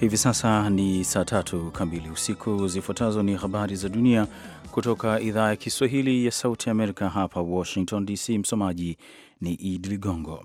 Hivi sasa ni saa tatu kamili usiku. Zifuatazo ni habari za dunia kutoka idhaa ya Kiswahili ya Sauti Amerika, hapa Washington DC. Msomaji ni Idi Ligongo.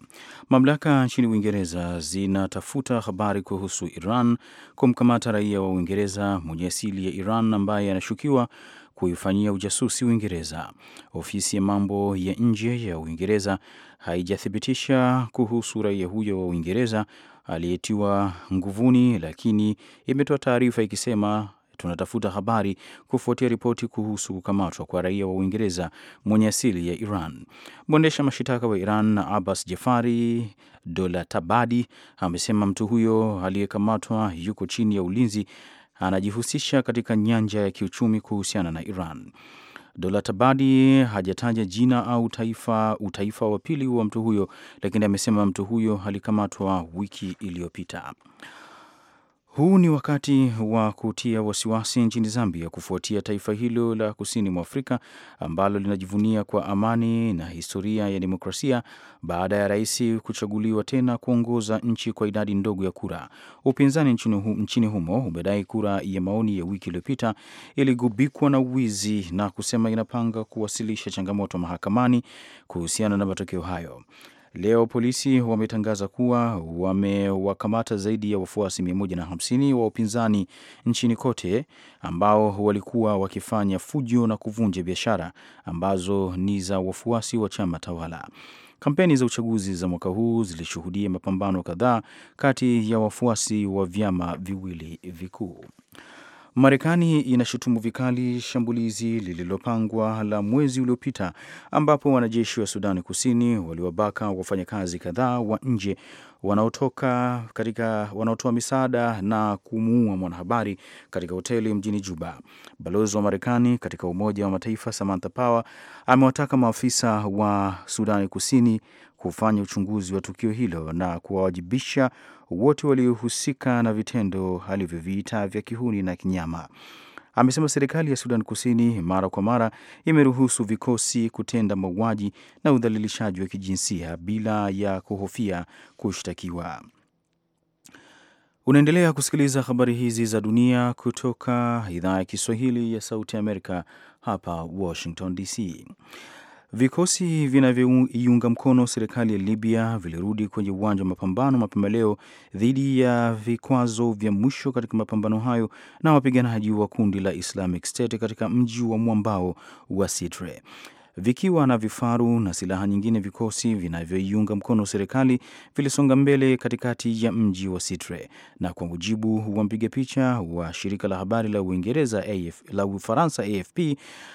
Mamlaka nchini Uingereza zinatafuta habari kuhusu Iran kumkamata raia wa Uingereza mwenye asili ya Iran ambaye anashukiwa kuifanyia ujasusi Uingereza. Ofisi ya mambo ya nje ya Uingereza haijathibitisha kuhusu raia huyo wa Uingereza aliyetiwa nguvuni, lakini imetoa taarifa ikisema tunatafuta habari kufuatia ripoti kuhusu kukamatwa kwa raia wa Uingereza mwenye asili ya Iran. Mwendesha mashitaka wa Iran Abbas Jafari Dolatabadi amesema mtu huyo aliyekamatwa yuko chini ya ulinzi, anajihusisha katika nyanja ya kiuchumi kuhusiana na Iran. Dolatabadi hajataja jina au taifa, utaifa wa pili wa mtu huyo, lakini amesema mtu huyo alikamatwa wiki iliyopita. Huu ni wakati wa kutia wasiwasi nchini Zambia kufuatia taifa hilo la kusini mwa Afrika ambalo linajivunia kwa amani na historia ya demokrasia baada ya rais kuchaguliwa tena kuongoza nchi kwa idadi ndogo ya kura. Upinzani nchini humo umedai kura ya maoni ya wiki iliyopita iligubikwa na wizi na kusema inapanga kuwasilisha changamoto mahakamani kuhusiana na matokeo hayo. Leo polisi wametangaza kuwa wamewakamata zaidi ya wafuasi 150 wa upinzani nchini kote ambao walikuwa wakifanya fujo na kuvunja biashara ambazo ni za wafuasi wa chama tawala. Kampeni za uchaguzi za mwaka huu zilishuhudia mapambano kadhaa kati ya wafuasi wa vyama viwili vikuu. Marekani inashutumu vikali shambulizi lililopangwa la mwezi uliopita ambapo wanajeshi wa Sudani Kusini waliwabaka wafanyakazi kadhaa wa nje wanaotoka katika wanaotoa misaada na kumuua mwanahabari katika hoteli mjini Juba. Balozi wa Marekani katika Umoja wa Mataifa Samantha Power amewataka maafisa wa Sudani Kusini kufanya uchunguzi wa tukio hilo na kuwawajibisha wote waliohusika na vitendo alivyoviita vya kihuni na kinyama. Amesema serikali ya Sudan Kusini mara kwa mara imeruhusu vikosi kutenda mauaji na udhalilishaji wa kijinsia bila ya kuhofia kushtakiwa. Unaendelea kusikiliza habari hizi za dunia kutoka idhaa ya Kiswahili ya Sauti ya Amerika hapa Washington DC. Vikosi vinavyoiunga mkono serikali ya Libya vilirudi kwenye uwanja wa mapambano mapema leo dhidi ya vikwazo vya mwisho katika mapambano hayo na wapiganaji wa kundi la Islamic State katika mji wa mwambao wa Sitre vikiwa na vifaru na silaha nyingine. Vikosi vinavyoiunga mkono serikali vilisonga mbele katikati ya mji wa Sitre, na kwa mujibu wa mpiga picha wa shirika la habari la Uingereza AF, la Ufaransa AFP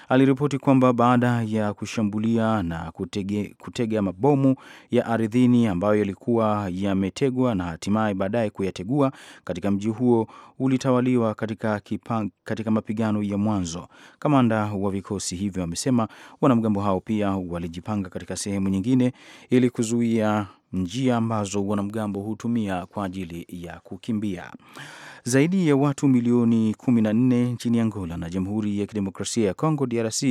aliripoti kwamba baada ya kushambulia na kutege, kutega mabomu ya ardhini ambayo yalikuwa yametegwa na hatimaye baadaye kuyategua katika mji huo ulitawaliwa katika, kipa, katika mapigano ya mwanzo. Kamanda wa vikosi hivyo amesema wanamgambo wanamgambo hao pia walijipanga katika sehemu nyingine ili kuzuia njia ambazo wanamgambo hutumia kwa ajili ya kukimbia. Zaidi ya watu milioni 14 nchini Angola na Jamhuri ya Kidemokrasia ya Kongo DRC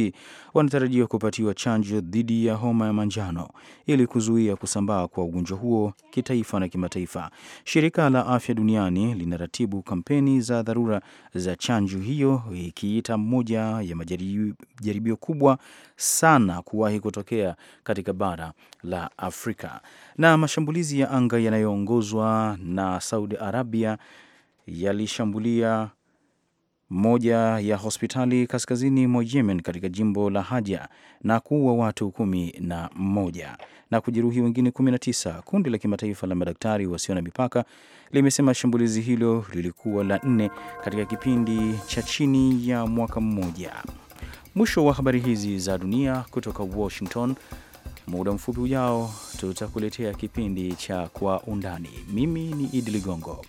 wanatarajiwa kupatiwa chanjo dhidi ya homa ya manjano ili kuzuia kusambaa kwa ugonjwa huo kitaifa na kimataifa. Shirika la Afya Duniani linaratibu kampeni za dharura za chanjo hiyo, ikiita moja ya majaribio kubwa sana kuwahi kutokea katika bara la Afrika. Na mashambulizi ya anga yanayoongozwa na Saudi Arabia yalishambulia moja ya hospitali kaskazini mwa Yemen katika jimbo la Haja na kuua watu kumi na moja na kujeruhi wengine 19. Kundi la kimataifa la madaktari wasio na mipaka limesema shambulizi hilo lilikuwa la nne katika kipindi cha chini ya mwaka mmoja. Mwisho wa habari hizi za dunia kutoka Washington. Muda mfupi ujao tutakuletea kipindi cha Kwa Undani. Mimi ni Idi Ligongo.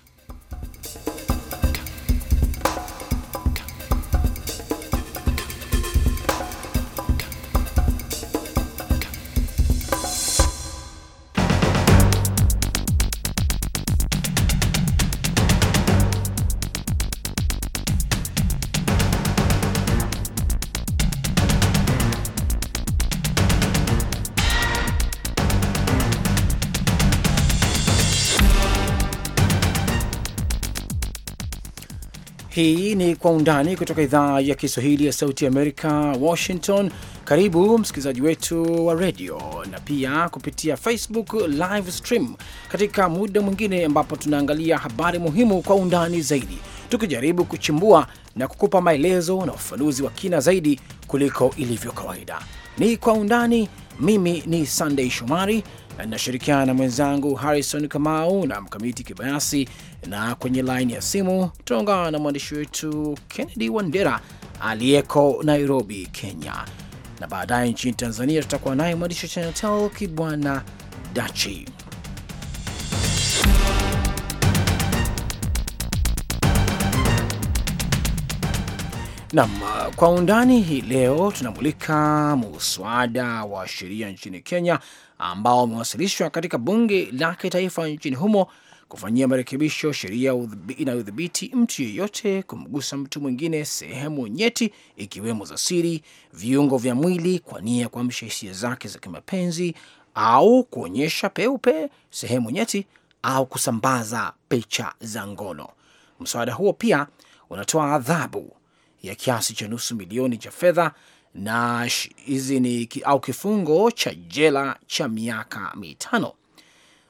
Hii ni Kwa Undani kutoka idhaa ya Kiswahili ya Sauti Amerika, Washington. Karibu msikilizaji wetu wa redio na pia kupitia Facebook live stream katika muda mwingine, ambapo tunaangalia habari muhimu kwa undani zaidi, tukijaribu kuchimbua na kukupa maelezo na ufafanuzi wa kina zaidi kuliko ilivyo kawaida. Ni Kwa Undani. Mimi ni Sandei Shomari Nashirikiana na mwenzangu Harrison Kamau na Mkamiti Kibayasi, na kwenye laini ya simu tutaungana na mwandishi wetu Kennedy Wandera aliyeko Nairobi, Kenya, na baadaye nchini Tanzania tutakuwa naye mwandishi wa Channel Tel Kibwana Dachi. Nam, kwa undani hii leo tunamulika muswada wa sheria nchini Kenya ambao wamewasilishwa katika bunge la kitaifa nchini humo kufanyia marekebisho sheria inayodhibiti mtu yeyote kumgusa mtu mwingine sehemu nyeti ikiwemo za siri, viungo vya mwili, kwa nia ya kuamsha hisia zake za kimapenzi au kuonyesha peupe sehemu nyeti au kusambaza picha za ngono. Mswada huo pia unatoa adhabu ya kiasi cha nusu milioni cha fedha na hizi ni au kifungo cha jela cha miaka mitano.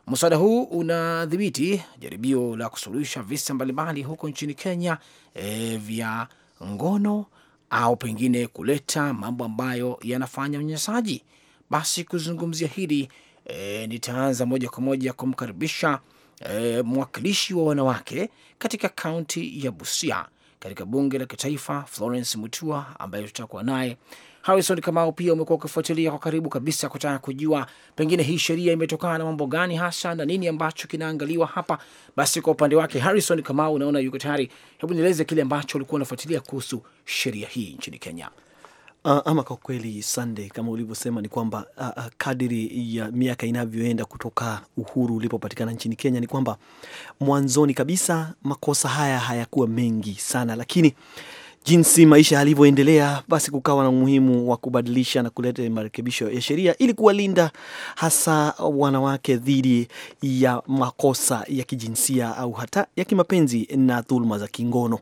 Mswada huu unadhibiti jaribio la kusuluhisha visa mbalimbali huko nchini Kenya e, vya ngono au pengine kuleta mambo ambayo yanafanya unyanyasaji. Basi kuzungumzia hili e, nitaanza moja kwa moja kumkaribisha e, mwakilishi wa wanawake katika kaunti ya Busia katika bunge la kitaifa, Florence Mutua ambaye tutakuwa naye. Harrison Kamau, pia umekuwa ukifuatilia kwa karibu kabisa kutaka kujua pengine hii sheria imetokana na mambo gani hasa na nini ambacho kinaangaliwa hapa. Basi kwa upande wake Harrison Kamau, unaona yuko tayari. Hebu nieleze kile ambacho ulikuwa unafuatilia kuhusu sheria hii nchini Kenya. Uh, ama kwa kweli Sunday, kama ulivyosema ni kwamba uh, kadiri ya miaka inavyoenda kutoka uhuru ulipopatikana nchini Kenya, ni kwamba mwanzoni kabisa makosa haya hayakuwa mengi sana, lakini jinsi maisha yalivyoendelea, basi kukawa na umuhimu wa kubadilisha na kuleta marekebisho ya sheria ili kuwalinda hasa wanawake dhidi ya makosa ya kijinsia au hata ya kimapenzi na dhuluma za kingono.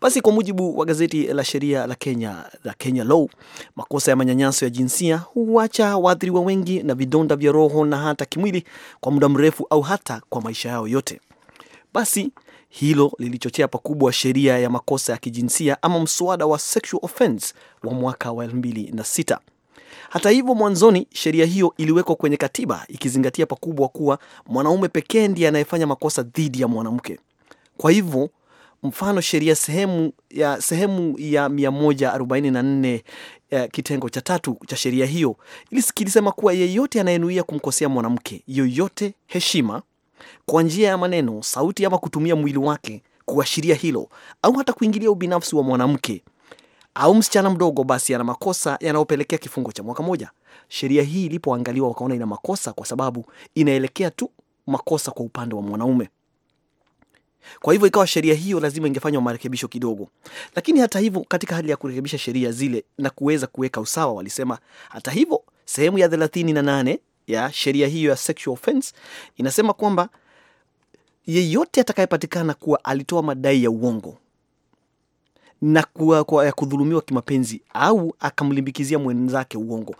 Basi kwa mujibu wa gazeti la sheria la Kenya la Kenya Law, makosa ya manyanyaso ya jinsia huacha waathiriwa wengi na vidonda vya roho na hata kimwili kwa muda mrefu au hata kwa maisha yao yote. Basi hilo lilichochea pakubwa sheria ya makosa ya kijinsia ama mswada wa sexual offense wa mwaka wa 2006. Hata hivyo, mwanzoni sheria hiyo iliwekwa kwenye katiba ikizingatia pakubwa kuwa mwanaume pekee ndiye anayefanya makosa dhidi ya mwanamke. Kwa hivyo mfano sheria sehemu ya sehemu ya 144 ya eh, kitengo cha tatu cha sheria hiyo ilisema kuwa yeyote anayenuia kumkosea mwanamke yoyote heshima kwa njia ya maneno, sauti, ama kutumia mwili wake kuashiria hilo au hata kuingilia ubinafsi wa mwanamke au msichana mdogo, basi ana makosa yanayopelekea kifungo cha mwaka moja. Sheria hii ilipoangaliwa, wakaona ina makosa kwa sababu inaelekea tu makosa kwa upande wa mwanaume. Kwa hivyo ikawa sheria hiyo lazima ingefanywa marekebisho kidogo, lakini hata hivyo, katika hali ya kurekebisha sheria zile na kuweza kuweka usawa, walisema hata hivyo, sehemu ya 38 ya sheria hiyo ya sexual offense inasema kwamba yeyote atakayepatikana kuwa alitoa madai ya uongo na kuwa, kwa ya kudhulumiwa kimapenzi au akamlimbikizia mwenzake uongo,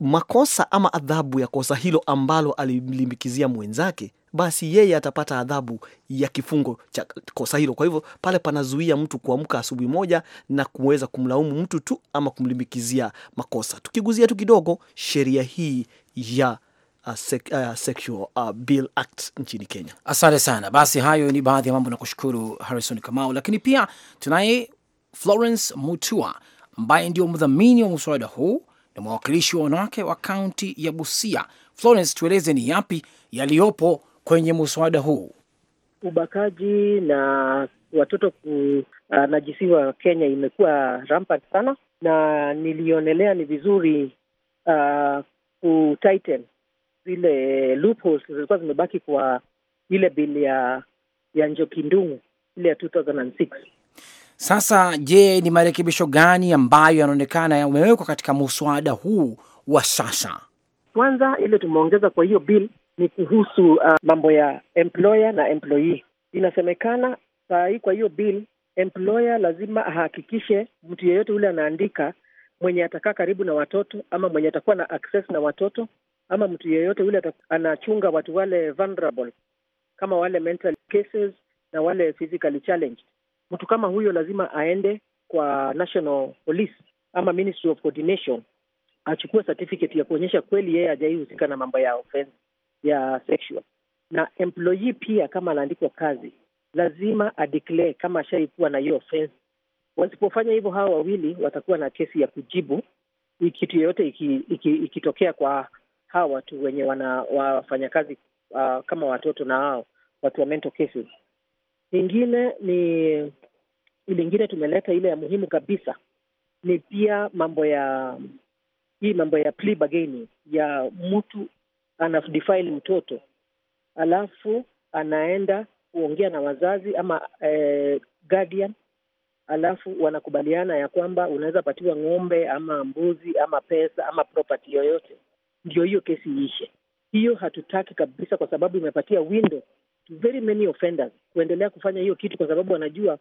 makosa ama adhabu ya kosa hilo ambalo alilimbikizia mwenzake, basi yeye atapata adhabu ya kifungo cha kosa hilo. Kwa hivyo pale panazuia mtu kuamka asubuhi moja na kuweza kumlaumu mtu tu ama kumlimbikizia makosa. Tukiguzia tu kidogo sheria hii ya uh, sec, uh, Sexual uh, Bill Act nchini Kenya. Asante sana. Basi hayo ni baadhi ya mambo na kushukuru Harrison Kamau, lakini pia tunaye Florence Mutua ambaye ndio mdhamini wa muswada huu na mwakilishi wa wanawake wa kaunti ya Busia. Florence, tueleze ni yapi yaliyopo kwenye muswada huu? Ubakaji na watoto kunajisiwa ah, Kenya imekuwa rampant sana, na nilionelea ni vizuri uh, ku zile loopholes zilikuwa zimebaki kwa ile bili ya ya Njoki Ndung'u ile ya 2006 sasa je, ni marekebisho gani ambayo yanaonekana yamewekwa katika muswada huu wa sasa? Kwanza ile tumeongeza kwa hiyo bill ni kuhusu uh, mambo ya employer na employee. Inasemekana saa hii kwa hiyo bill employer lazima ahakikishe mtu yeyote yule anaandika mwenye atakaa karibu na watoto ama mwenye atakuwa na access na watoto ama mtu yeyote yule anachunga watu wale vulnerable, kama wale mental cases na wale physically challenged mtu kama huyo lazima aende kwa National Police ama Ministry of Coordination achukue certificate ya kuonyesha kweli yeye hajaihusika na mambo ya offense ya sexual. Na employee pia kama anaandikwa kazi lazima adeclare kama ashaikuwa na hiyo offense. Wasipofanya hivyo, hawa wawili watakuwa na kesi ya kujibu kitu yoyote ikitokea iki, iki, kwa hawa watu wenye wanawafanya kazi uh, ah, kama watoto na hao watu wa mental cases lingine ni lingine tumeleta ile ya muhimu kabisa ni pia mambo ya hii mambo ya plea bargaining, ya mtu anamdifaili mtoto alafu anaenda kuongea na wazazi ama eh, guardian alafu wanakubaliana ya kwamba unaweza patiwa ng'ombe ama mbuzi ama pesa ama property yoyote, ndio hiyo kesi iishe. Hiyo hatutaki kabisa, kwa sababu imepatia window very many offenders kuendelea kufanya hiyo kitu, kwa sababu wanajua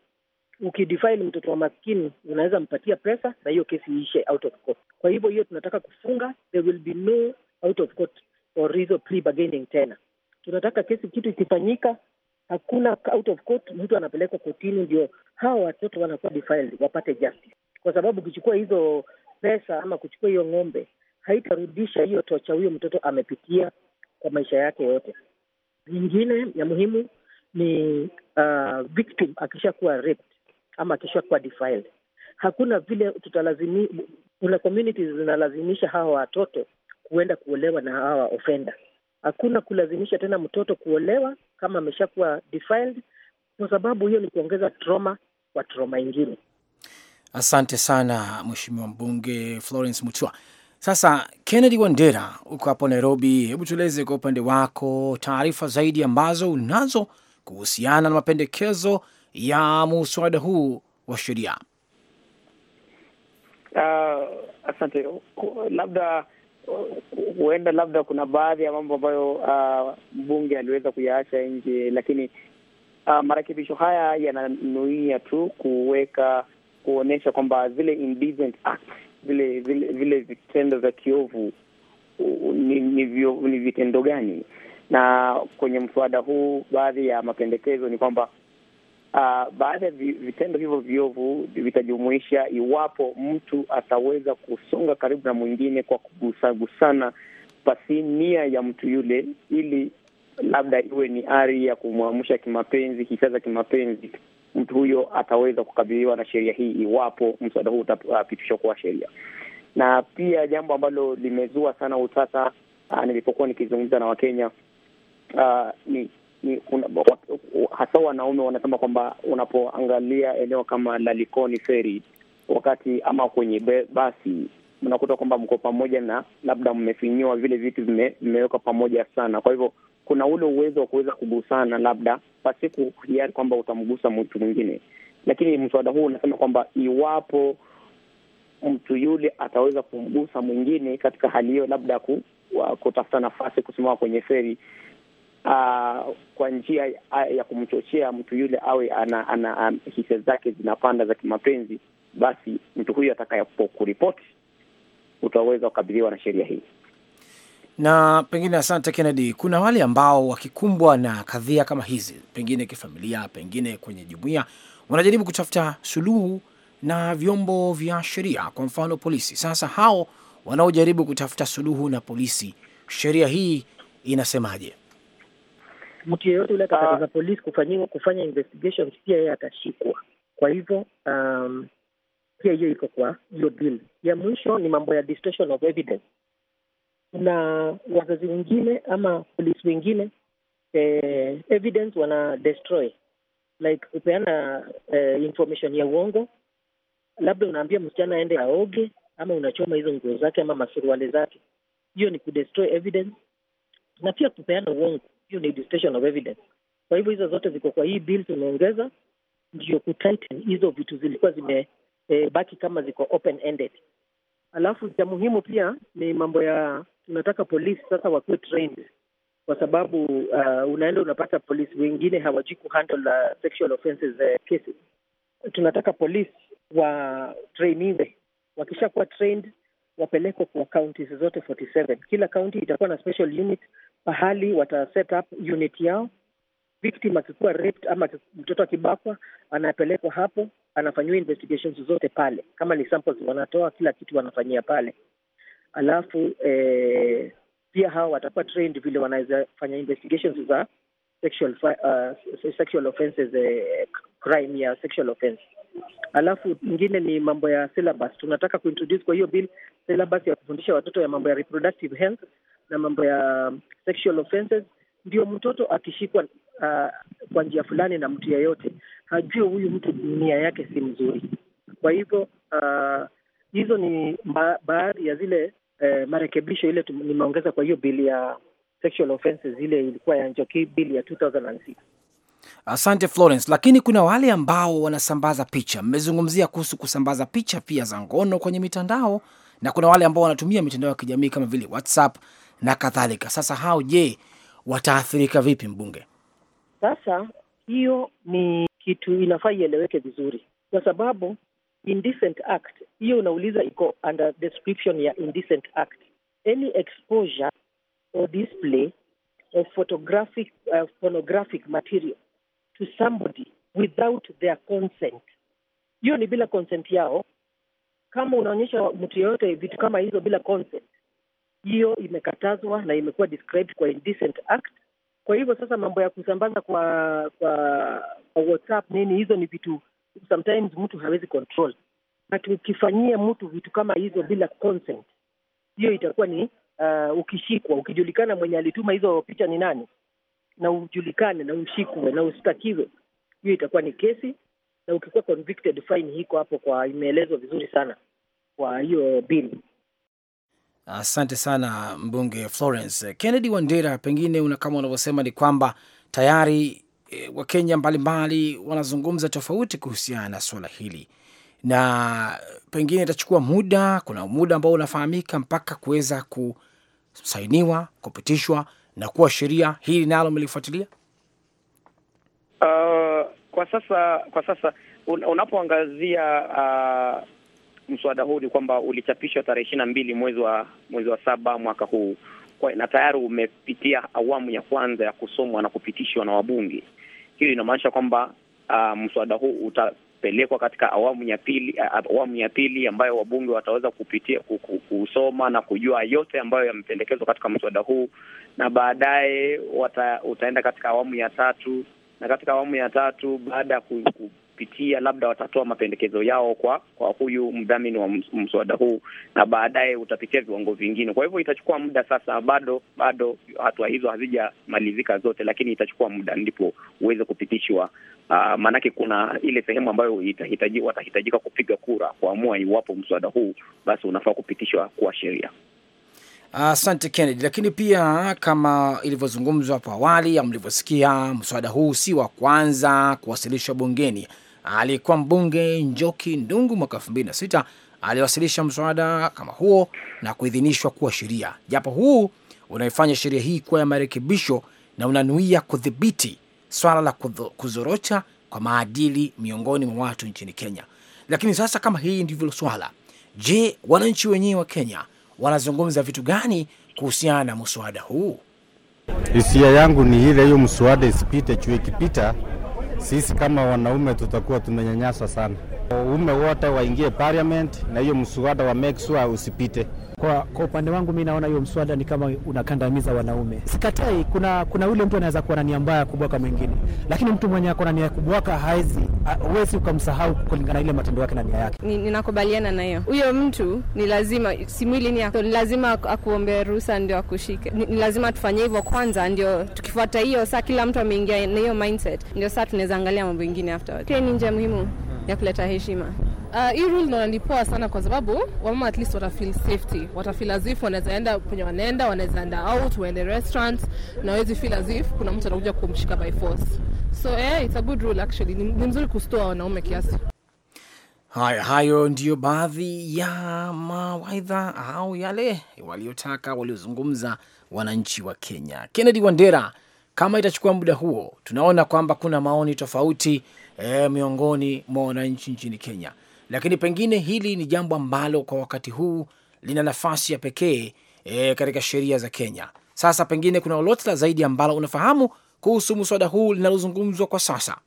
ukidefile mtoto wa maskini unaweza mpatia pesa na hiyo kesi iishe out of court. Kwa hivyo hiyo tunataka kufunga, there will be no out of court or plea bargaining tena. Tunataka kesi kitu ikifanyika, hakuna out of court, mtu anapelekwa kotini ndio hawa watoto wanakuwa defiled wapate justice, kwa sababu ukichukua hizo pesa ama kuchukua hiyo ng'ombe haitarudisha hiyo tocha huyo mtoto amepitia kwa maisha yake yote. Nyingine ya muhimu ni uh, victim akishakuwa raped ama akishakuwa defiled, hakuna vile tutalazimi, kuna community zinalazimisha hawa watoto kuenda kuolewa na hawa ofenda Hakuna kulazimisha tena mtoto kuolewa kama ameshakuwa defiled, kwa sababu hiyo ni kuongeza trauma kwa trauma ingine. Asante sana mweshimiwa Mbunge Florence Mutua. Sasa Kennedy Wandera, uko hapo Nairobi, hebu tueleze kwa upande wako taarifa zaidi ambazo unazo kuhusiana na mapendekezo ya muswada huu wa sheria. Uh, asante. Labda huenda labda kuna baadhi ya mambo ambayo uh, mbunge aliweza kuyaacha nje, lakini uh, marekebisho haya yananuia tu kuweka kuonyesha kwamba zile indecent acts vile vile vile vitendo vya kiovu ni, ni, ni vitendo gani? Na kwenye mswada huu baadhi ya mapendekezo ni kwamba uh, baadhi ya vitendo hivyo viovu vitajumuisha iwapo mtu ataweza kusonga karibu na mwingine kwa kugusagusana pasi nia ya mtu yule, ili labda iwe ni ari ya kumwamsha kimapenzi, hisia za kimapenzi mtu huyo ataweza kukabiliwa na sheria hii iwapo mswada huu utapitishwa kuwa sheria. Na pia jambo ambalo limezua sana utata ah, nilipokuwa nikizungumza na Wakenya ah, ni ni una, hasa wanaume wanasema kwamba unapoangalia eneo kama la Likoni feri wakati ama kwenye basi unakuta kwamba mko pamoja na labda mmefinyiwa vile vitu vimewekwa pamoja sana. Kwa hivyo kuna ule uwezo wa kuweza kugusana, labda pasiku hiari kwamba utamgusa mtu mwingine. Lakini mswada huu unasema kwamba iwapo mtu yule ataweza kumgusa mwingine katika hali hiyo, labda ku, kutafuta nafasi kusimama kwenye feri ah, kwa njia ya kumchochea mtu yule awe ana, ana, ana hisia zake zinapanda za kimapenzi, basi mtu huyo atakayepo kuripoti utaweza kukabiliwa na sheria hii na pengine, asante Kennedy. Kuna wale ambao wakikumbwa na kadhia kama hizi, pengine kifamilia, pengine kwenye jumuia wanajaribu kutafuta suluhu na vyombo vya sheria, kwa mfano polisi. Sasa hao wanaojaribu kutafuta suluhu na polisi, sheria hii inasemaje? Mtu yeyote yule atakatiza ah. polisi kufanya, kufanya investigation, pia yeye atashikwa. Kwa hivyo um, pia hiyo iko kwa hiyo bill. Ya mwisho ni mambo ya distortion of evidence na wazazi wengine ama polisi wengine eh, evidence wana destroy like kupeana eh, information ya uongo. Labda unaambia msichana aende aoge, ama unachoma hizo nguo zake ama masuruale zake. Hiyo ni kudestroy evidence, na pia kupeana uongo, hiyo ni destruction of evidence. Kwa hivyo hizo zote ziko kwa hii bill tumeongeza, ndio kutighten hizo vitu zilikuwa zimebaki eh, kama ziko open ended. Alafu cha muhimu pia ni mambo ya tunataka polisi sasa wakuwe trained kwa sababu uh, unaenda unapata polisi wengine hawajui kuhandle uh, sexual offenses uh, cases. Tunataka polisi wakisha wakishakuwa trained wapelekwe kwa kaunti zote 47. Kila kaunti itakuwa na special unit pahali wata set up unit yao. Victim akikuwa raped ama mtoto akibakwa, anapelekwa hapo, anafanyiwa investigations zote pale, kama ni samples wanatoa, kila kitu wanafanyia pale alafu eh, pia hawa watakuwa trained vile wanaweza fanya investigations za sexual uh, sexual offenses eh, crime ya sexual offense. Alafu nyingine ni mambo ya syllabus, tunataka kuintroduce kwa hiyo bill syllabus ya kufundisha watoto ya mambo ya reproductive health na mambo ya sexual offenses. Ndio mtoto akishikwa uh, kwa njia fulani na mtu yeyote hajue huyu mtu nia yake si mzuri. Kwa hivyo uh, hizo ni baadhi ya zile eh, marekebisho ile nimeongeza kwa hiyo bili ya sexual offenses ile ilikuwa ya Njoki, bili ya 2006. Asante Florence, lakini kuna wale ambao wanasambaza picha. Mmezungumzia kuhusu kusambaza picha pia za ngono kwenye mitandao, na kuna wale ambao wanatumia mitandao ya kijamii kama vile WhatsApp na kadhalika. Sasa hao je, wataathirika vipi, mbunge? Sasa hiyo ni kitu inafaa ieleweke vizuri, kwa sababu indecent act hiyo unauliza iko under description ya indecent act any exposure or display of photographic, uh, phonographic material to somebody without their consent hiyo ni bila consent yao kama unaonyesha mtu yeyote vitu kama hizo bila consent hiyo imekatazwa na imekuwa described kwa indecent act kwa hivyo sasa mambo ya kusambaza kwa kwa, kwa whatsapp nini hizo ni vitu sometimes mtu hawezi control, but ukifanyia mtu vitu kama hizo bila consent, hiyo itakuwa ni uh, ukishikwa, ukijulikana mwenye alituma hizo picha ni nani, na ujulikane na ushikwe na ushtakiwe, hiyo itakuwa ni kesi, na ukikuwa convicted fine hiko hapo, kwa imeelezwa vizuri sana kwa hiyo bili. Asante sana mbunge Florence Kennedy Wandera. Pengine una kama unavyosema ni kwamba tayari Eh, wa Wakenya mbalimbali wanazungumza tofauti kuhusiana na swala hili, na pengine itachukua muda. Kuna muda ambao unafahamika mpaka kuweza kusainiwa, kupitishwa na kuwa sheria. Hili nalo melifuatilia. Uh, kwa sasa kwa sasa un, unapoangazia uh, mswada huu ni kwamba ulichapishwa tarehe ishirini na mbili mwezi wa mwezi wa saba mwaka huu na tayari umepitia awamu ya kwanza ya kusomwa na kupitishwa na wabunge. Hiyo inamaanisha kwamba uh, mswada huu utapelekwa katika awamu ya pili, ah, awamu ya pili ambayo wabunge wataweza kupitia kusoma na kujua yote ambayo yamependekezwa katika mswada huu, na baadaye utaenda katika awamu ya tatu na katika awamu ya tatu baada ya wataipitia, labda watatoa mapendekezo yao kwa kwa huyu mdhamini wa mswada huu, na baadaye utapitia viwango vingine. Kwa hivyo itachukua muda sasa, bado bado hatua hizo hazijamalizika zote, lakini itachukua muda ndipo uweze kupitishwa. Uh, maanake kuna ile sehemu ambayo itahitaji, watahitajika kupiga kura kuamua iwapo mswada huu basi unafaa kupitishwa kuwa sheria. Asante uh, Kennedy. Lakini pia kama ilivyozungumzwa hapo awali, mlivyosikia, mswada huu si wa kwanza kuwasilishwa bungeni aliyekuwa mbunge Njoki Ndungu mwaka elfu mbili na sita aliwasilisha mswada kama huo na kuidhinishwa kuwa sheria, japo huu unaifanya sheria hii kuwa ya marekebisho na unanuia kudhibiti swala la kuzorota kwa maadili miongoni mwa watu nchini Kenya. Lakini sasa kama hii ndivyo swala, je, wananchi wenyewe wa Kenya wanazungumza vitu gani kuhusiana na mswada huu? Hisia yangu ni ile, hiyo mswada isipite, chuo ikipita sisi kama wanaume tutakuwa tumenyanyaswa sana. ume wote waingie parliament na hiyo mswada wa make sure usipite. Kwa, kwa upande wangu mi naona hiyo mswada ni kama unakandamiza wanaume. Sikatai, kuna, kuna ule mtu anaweza kuwa na nia mbaya ya kubwaka mwingine, lakini mtu mwenye ako na nia ya kubwaka hawezi huwezi ukamsahau kulingana ile matendo yake na nia yake. Ninakubaliana ni na hiyo. Huyo mtu ni lazima simwili ni ni lazima akuombe ruhusa ndio akushike. Ni, ni lazima tufanye hivyo kwanza, ndio tukifuata hiyo saa, kila mtu ameingia na hiyo mindset, ndio saa tunaweza angalia mambo mengine afterwards. Ni njia muhimu ya kuleta heshima. Uh, hii rule naona ni poa sana kwa sababu wamama at least watafeel safety, watafeel as if wanaweza enda kwenye wanaenda, wanaweza enda out, waende restaurant na wawezi feel as if kuna mtu anakuja kumshika by force. So yeah, it's a good rule actually. Ni, ni mzuri kustoa wanaume kiasi. Haya, hayo ndiyo baadhi ya mawaidha au yale waliotaka waliozungumza wananchi wa Kenya. Kennedy Wandera, kama itachukua muda huo, tunaona kwamba kuna maoni tofauti e, miongoni mwa wananchi nchini Kenya lakini pengine hili ni jambo ambalo kwa wakati huu lina nafasi ya pekee e, katika sheria za Kenya. Sasa pengine kuna lolote la zaidi ambalo unafahamu kuhusu mswada huu linalozungumzwa kwa sasa?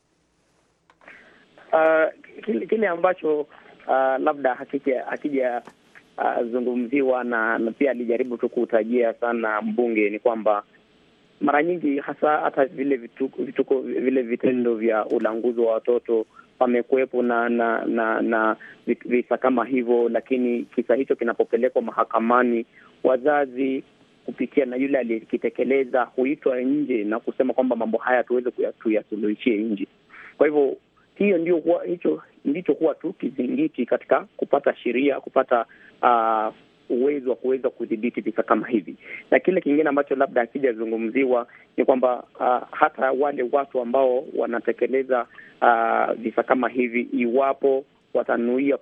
Uh, kile, kile ambacho uh, labda hakijazungumziwa uh, na, na pia alijaribu tu kuutajia sana mbunge ni kwamba mara nyingi hasa hata vile vituko, vituko vile vitendo vya ulanguzi wa watoto pamekuwepo na na na na visa kama hivyo, lakini kisa hicho kinapopelekwa mahakamani, wazazi kupitia na yule aliyekitekeleza huitwa nje na kusema kwamba mambo haya tuweze tuyasuluhishie nje. Kwa hivyo hiyo ndio hicho ndicho huwa tu kizingiti katika kupata sheria, kupata uh, uwezo wa kuweza kudhibiti visa kama hivi. Na kile kingine ambacho labda hakijazungumziwa ni kwamba uh, hata wale watu ambao wanatekeleza uh, visa kama hivi, iwapo watanuia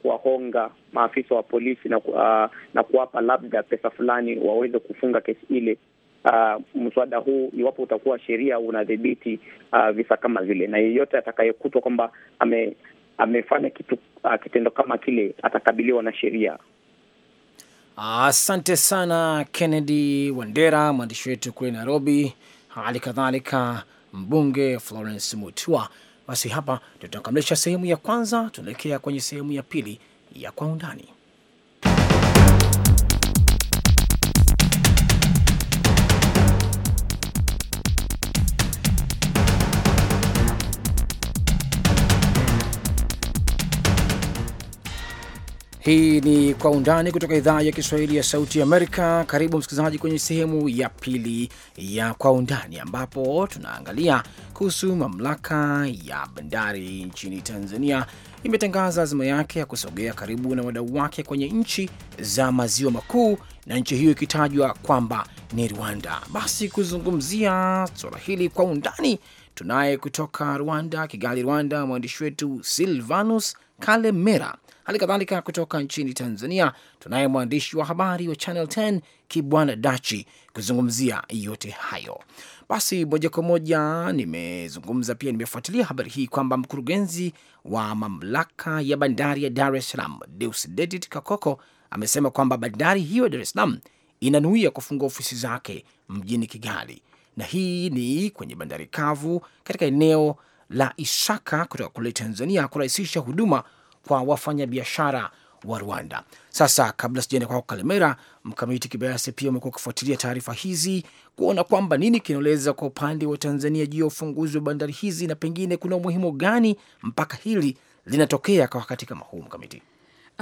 kuwahonga maafisa wa polisi na, uh, na kuwapa labda pesa fulani waweze kufunga kesi ile. Uh, mswada huu iwapo utakuwa sheria unadhibiti uh, visa kama vile, na yeyote atakayekutwa kwamba ame, amefanya kitu uh, kitendo kama kile atakabiliwa na sheria. Asante sana Kennedy Wandera, mwandishi wetu kule Nairobi, hali kadhalika mbunge Florence Mutua. Basi hapa tutakamilisha sehemu ya kwanza, tunaelekea kwenye sehemu ya pili ya kwa undani. Hii ni Kwa Undani kutoka idhaa ya Kiswahili ya Sauti Amerika. Karibu msikilizaji kwenye sehemu ya pili ya Kwa Undani, ambapo tunaangalia kuhusu mamlaka ya bandari nchini Tanzania imetangaza azima yake ya kusogea karibu na wadau wake kwenye nchi za maziwa makuu, na nchi hiyo ikitajwa kwamba ni Rwanda. Basi kuzungumzia suala hili kwa undani, tunaye kutoka Rwanda, Kigali, Rwanda, mwandishi wetu Silvanus Kalemera Hali kadhalika kutoka nchini Tanzania tunaye mwandishi wa habari wa Channel 10 Kibwana Dachi kuzungumzia yote hayo. Basi moja kwa moja nimezungumza pia, nimefuatilia habari hii kwamba mkurugenzi wa mamlaka ya bandari ya Dar es Salaam Deusdedit Kakoko amesema kwamba bandari hiyo ya Dar es Salaam inanuia kufungua ofisi zake mjini Kigali, na hii ni kwenye bandari kavu katika eneo la Isaka kutoka kule Tanzania, kurahisisha huduma kwa wafanyabiashara wa Rwanda. Sasa kabla sijaenda kwako Kalemera, mkamiti Kibayasi pia umekuwa ukifuatilia taarifa hizi kuona kwamba nini kinaeleza kwa upande wa Tanzania juu ya ufunguzi wa bandari hizi na pengine kuna umuhimu gani mpaka hili linatokea kwa wakati kama huu, Mkamiti?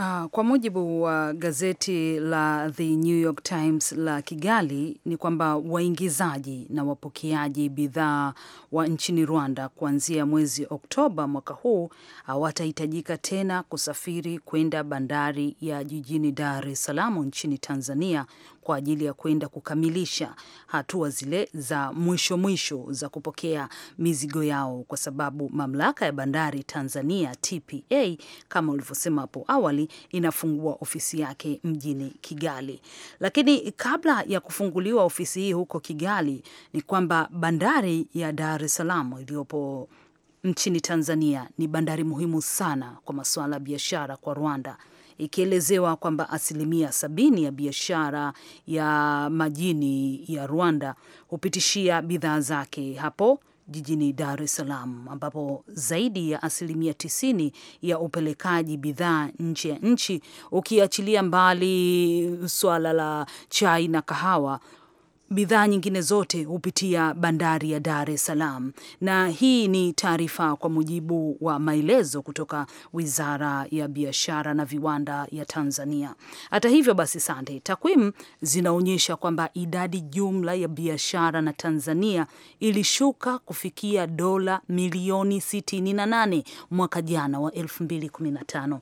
Uh, kwa mujibu wa gazeti la The New York Times la Kigali ni kwamba waingizaji na wapokeaji bidhaa wa nchini Rwanda kuanzia mwezi Oktoba mwaka huu hawatahitajika tena kusafiri kwenda bandari ya jijini Dar es Salaam nchini Tanzania kwa ajili ya kwenda kukamilisha hatua zile za mwisho mwisho za kupokea mizigo yao, kwa sababu mamlaka ya bandari Tanzania TPA kama ulivyosema hapo awali inafungua ofisi yake mjini Kigali. Lakini kabla ya kufunguliwa ofisi hii huko Kigali, ni kwamba bandari ya Dar es Salaam iliyopo nchini Tanzania ni bandari muhimu sana kwa masuala ya biashara kwa Rwanda ikielezewa kwamba asilimia sabini ya biashara ya majini ya Rwanda hupitishia bidhaa zake hapo jijini Dar es Salaam ambapo zaidi ya asilimia tisini ya upelekaji bidhaa nje ya nchi, ukiachilia mbali suala la chai na kahawa bidhaa nyingine zote hupitia bandari ya Dar es Salaam, na hii ni taarifa kwa mujibu wa maelezo kutoka Wizara ya Biashara na Viwanda ya Tanzania. Hata hivyo basi, Sande, takwimu zinaonyesha kwamba idadi jumla ya biashara na Tanzania ilishuka kufikia dola milioni 68 mwaka jana wa 2015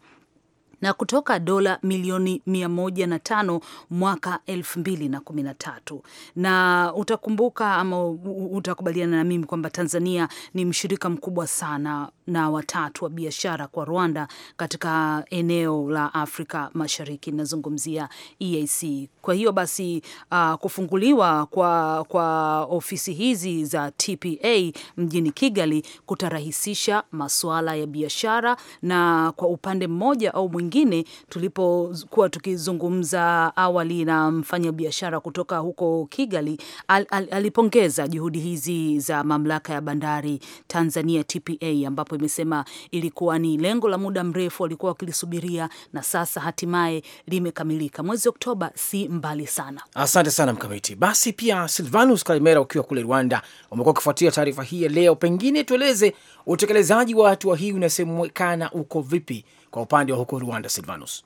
na kutoka dola milioni 105 mwaka 2013. Na utakumbuka ama utakubaliana na mimi kwamba Tanzania ni mshirika mkubwa sana na watatu wa biashara kwa Rwanda katika eneo la Afrika Mashariki, nazungumzia EAC. Kwa hiyo basi uh, kufunguliwa kwa, kwa ofisi hizi za TPA mjini Kigali kutarahisisha masuala ya biashara na kwa upande mmoja au mwingine mwingine tulipokuwa tukizungumza awali na mfanyabiashara kutoka huko Kigali al, al, alipongeza juhudi hizi za mamlaka ya bandari Tanzania TPA, ambapo imesema ilikuwa ni lengo la muda mrefu walikuwa wakilisubiria na sasa hatimaye limekamilika. Mwezi Oktoba si mbali sana. Asante sana Mkamiti. Basi pia Silvanus Kalimera, ukiwa kule Rwanda, umekuwa ukifuatia taarifa hii ya leo, pengine tueleze utekelezaji wa hatua hii unasemekana uko vipi? kwa upande wa huko Rwanda, Silvanus?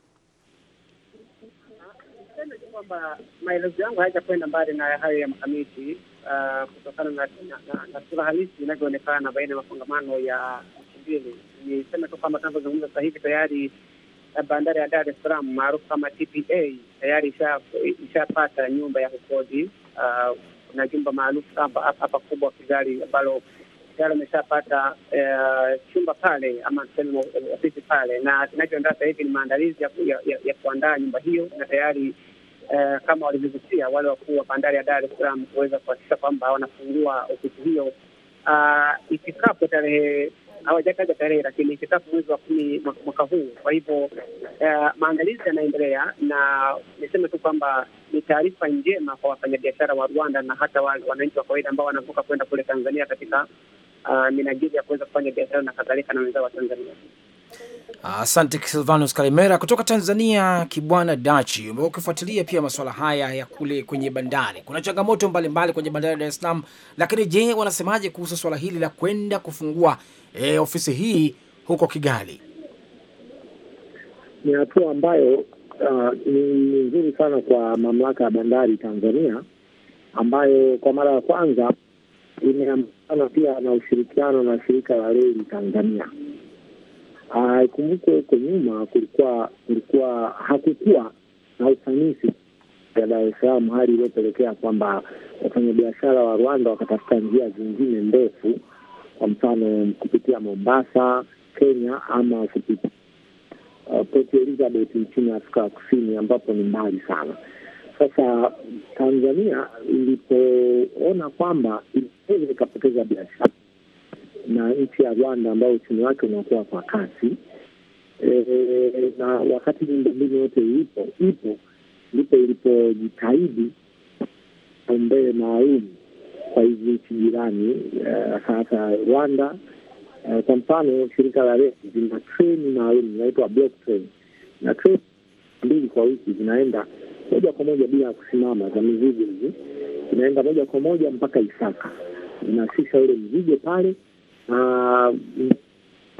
Niseme tu kwamba maelezo yangu hayajakwenda mbali na hayo ya makamiti ah, kutokana na sura halisi inavyoonekana baina ya makongamano ya nchi mbili. Niseme tu kwamba tunavyozungumza sasa hivi tayari eh, bandari ya Dar es Salaam maarufu kama TPA tayari ishapata nyumba ya kukodi. Ah, na jumba maarufu hapa kubwa Kigali ambalo tayari wameshapata eh, chumba pale ama tuseme ofisi pale, na kinachoandaa sasa hivi ni maandalizi ya, ya, ya, ya kuandaa nyumba hiyo, na tayari Uh, kama walivyovutia wale wakuu wa bandari ya Dar es Salaam kuweza kuhakikisha kwamba wanafungua ofisi hiyo uh, ifikapo tarehe hawajataja tarehe lakini ifikapo mwezi wa kumi mwaka huu. Kwa hivyo uh, maandalizi yanaendelea, na niseme tu kwamba ni taarifa njema kwa wafanyabiashara wa Rwanda na hata wananchi wa kawaida ambao wanavuka kwenda kule Tanzania katika Ah, minajili ya kuweza kufanya biashara na kadhalika na wenzao wa Tanzania. Asante Silvanus Kalimera kutoka Tanzania. Kibwana Dachi, umekuwa ukifuatilia pia masuala haya ya kule kwenye bandari. Kuna changamoto mbalimbali mbali kwenye bandari ya Dar es Salaam, lakini je, wanasemaje kuhusu swala hili la kwenda kufungua eh, ofisi hii huko Kigali? Ni hatua ambayo uh, ni nzuri sana kwa mamlaka ya bandari Tanzania ambayo kwa mara ya kwanza imeamua sana pia na ushirikiano na shirika la reli Tanzania. Ah, ikumbukwe huko nyuma kulikuwa kulikuwa hakukuwa na ufanisi ya Dar es Salaam, hali iliyopelekea kwamba wafanyabiashara wa Rwanda wakatafuta njia zingine ndefu, kwa mfano kupitia Mombasa Kenya, ama kupitia uh, Port Elizabeth nchini Afrika ya Kusini, ambapo ni mbali sana. Sasa Tanzania ilipoona kwamba hivyo ikapoteza biashara na nchi ya Rwanda ambayo uchumi wake unakuwa kwa kasi e, na wakati miundombinu yote ipo ipo, ndipo ilipojitahidi mbele maalum kwa hizi nchi jirani, eh, hasa Rwanda. Eh, kwa mfano, shirika la reli zina treni maalum inaitwa block train, na treni mbili kwa wiki zinaenda moja kwa moja bila ya kusimama, za mizigo hizi zinaenda moja kwa moja mpaka Isaka inasisha ule mzigo pale, na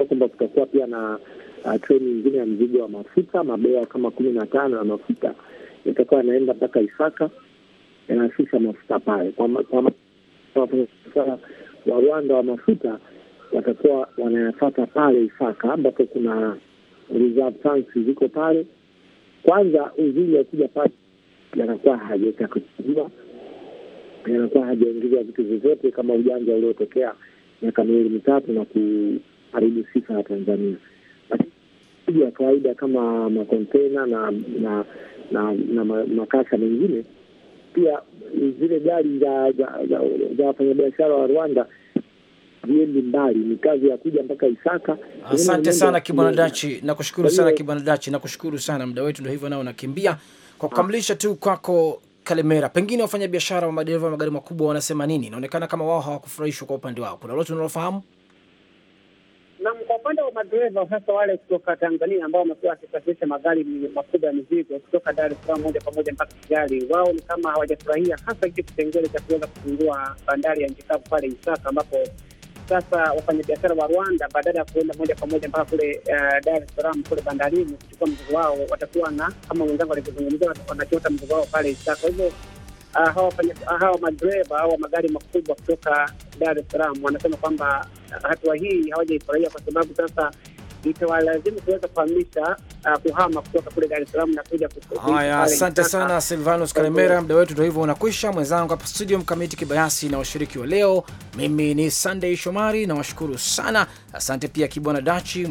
kwamba kutakuwa pia na uh, treni nyingine ya mzigo wa mafuta, mabea kama kumi na tano ya mafuta yatakuwa yanaenda mpaka Isaka, yanashusha mafuta pale. kwa wa Rwanda wa mafuta watakuwa wanayafata pale Isaka, ambapo kuna reserve tanks ziko pale. Kwanza uzuri akija pale yanakuwa hajaweza kuchukuliwa anakuwa hajaingiza vitu vyovyote kama ujanja uliotokea miaka miwili mitatu na kuharibu sifa ya Tanzania ya kawaida kama makontena na na na, na makasha mengine. Pia zile gari za wafanyabiashara wa Rwanda ziendi mbali, ni kazi ya kuja mpaka Isaka. Asante sana Kibwana Dachi, nakushukuru sana Kibwana Dachi, nakushukuru sana. Muda wetu ndo hivyo nao nakimbia, kwa ah. kukamilisha tu kwako Kalemera, pengine wafanyabiashara wa madereva wa magari makubwa wanasema nini? Inaonekana kama wao hawakufurahishwa kwa upande wao. Kuna lote unalofahamu? Naam, kwa upande wa madereva hasa wale kutoka Tanzania ambao wamekuwa wakisafirisha magari makubwa ya mizigo kutoka Dar es Salaam moja kwa moja mpaka Kigali, wao ni kama hawajafurahia hasa kile kipengele cha kuweza kufungua bandari ya nchi kavu pale Isaka ambapo sasa wafanyabiashara wa Rwanda badala ya kuenda moja kwa moja mpaka kule uh, Dar es Salaam kule bandarini kuchukua mzigo wao, watakuwa na kama wenzangu walivyozungumzia, wanachota mzigo wao pale Isa. Kwa hivyo uh, uh, hawa madereva au magari makubwa kutoka Dar es Salaam wanasema kwamba uh, hatua hii hawajaifurahia kwa sababu sasa itawalazimu kuweza kuhamisha uh, kuhama kutoka kule Dar es Salaam na kuja Haya, asante sana Silvanus Kalemera, muda wetu ndio hivyo unakwisha. Mwenzangu hapa studio Mkamiti Kibayasi na washiriki wa leo, mimi ni Sunday Shomari na washukuru sana. Asante pia Kibwana Dachi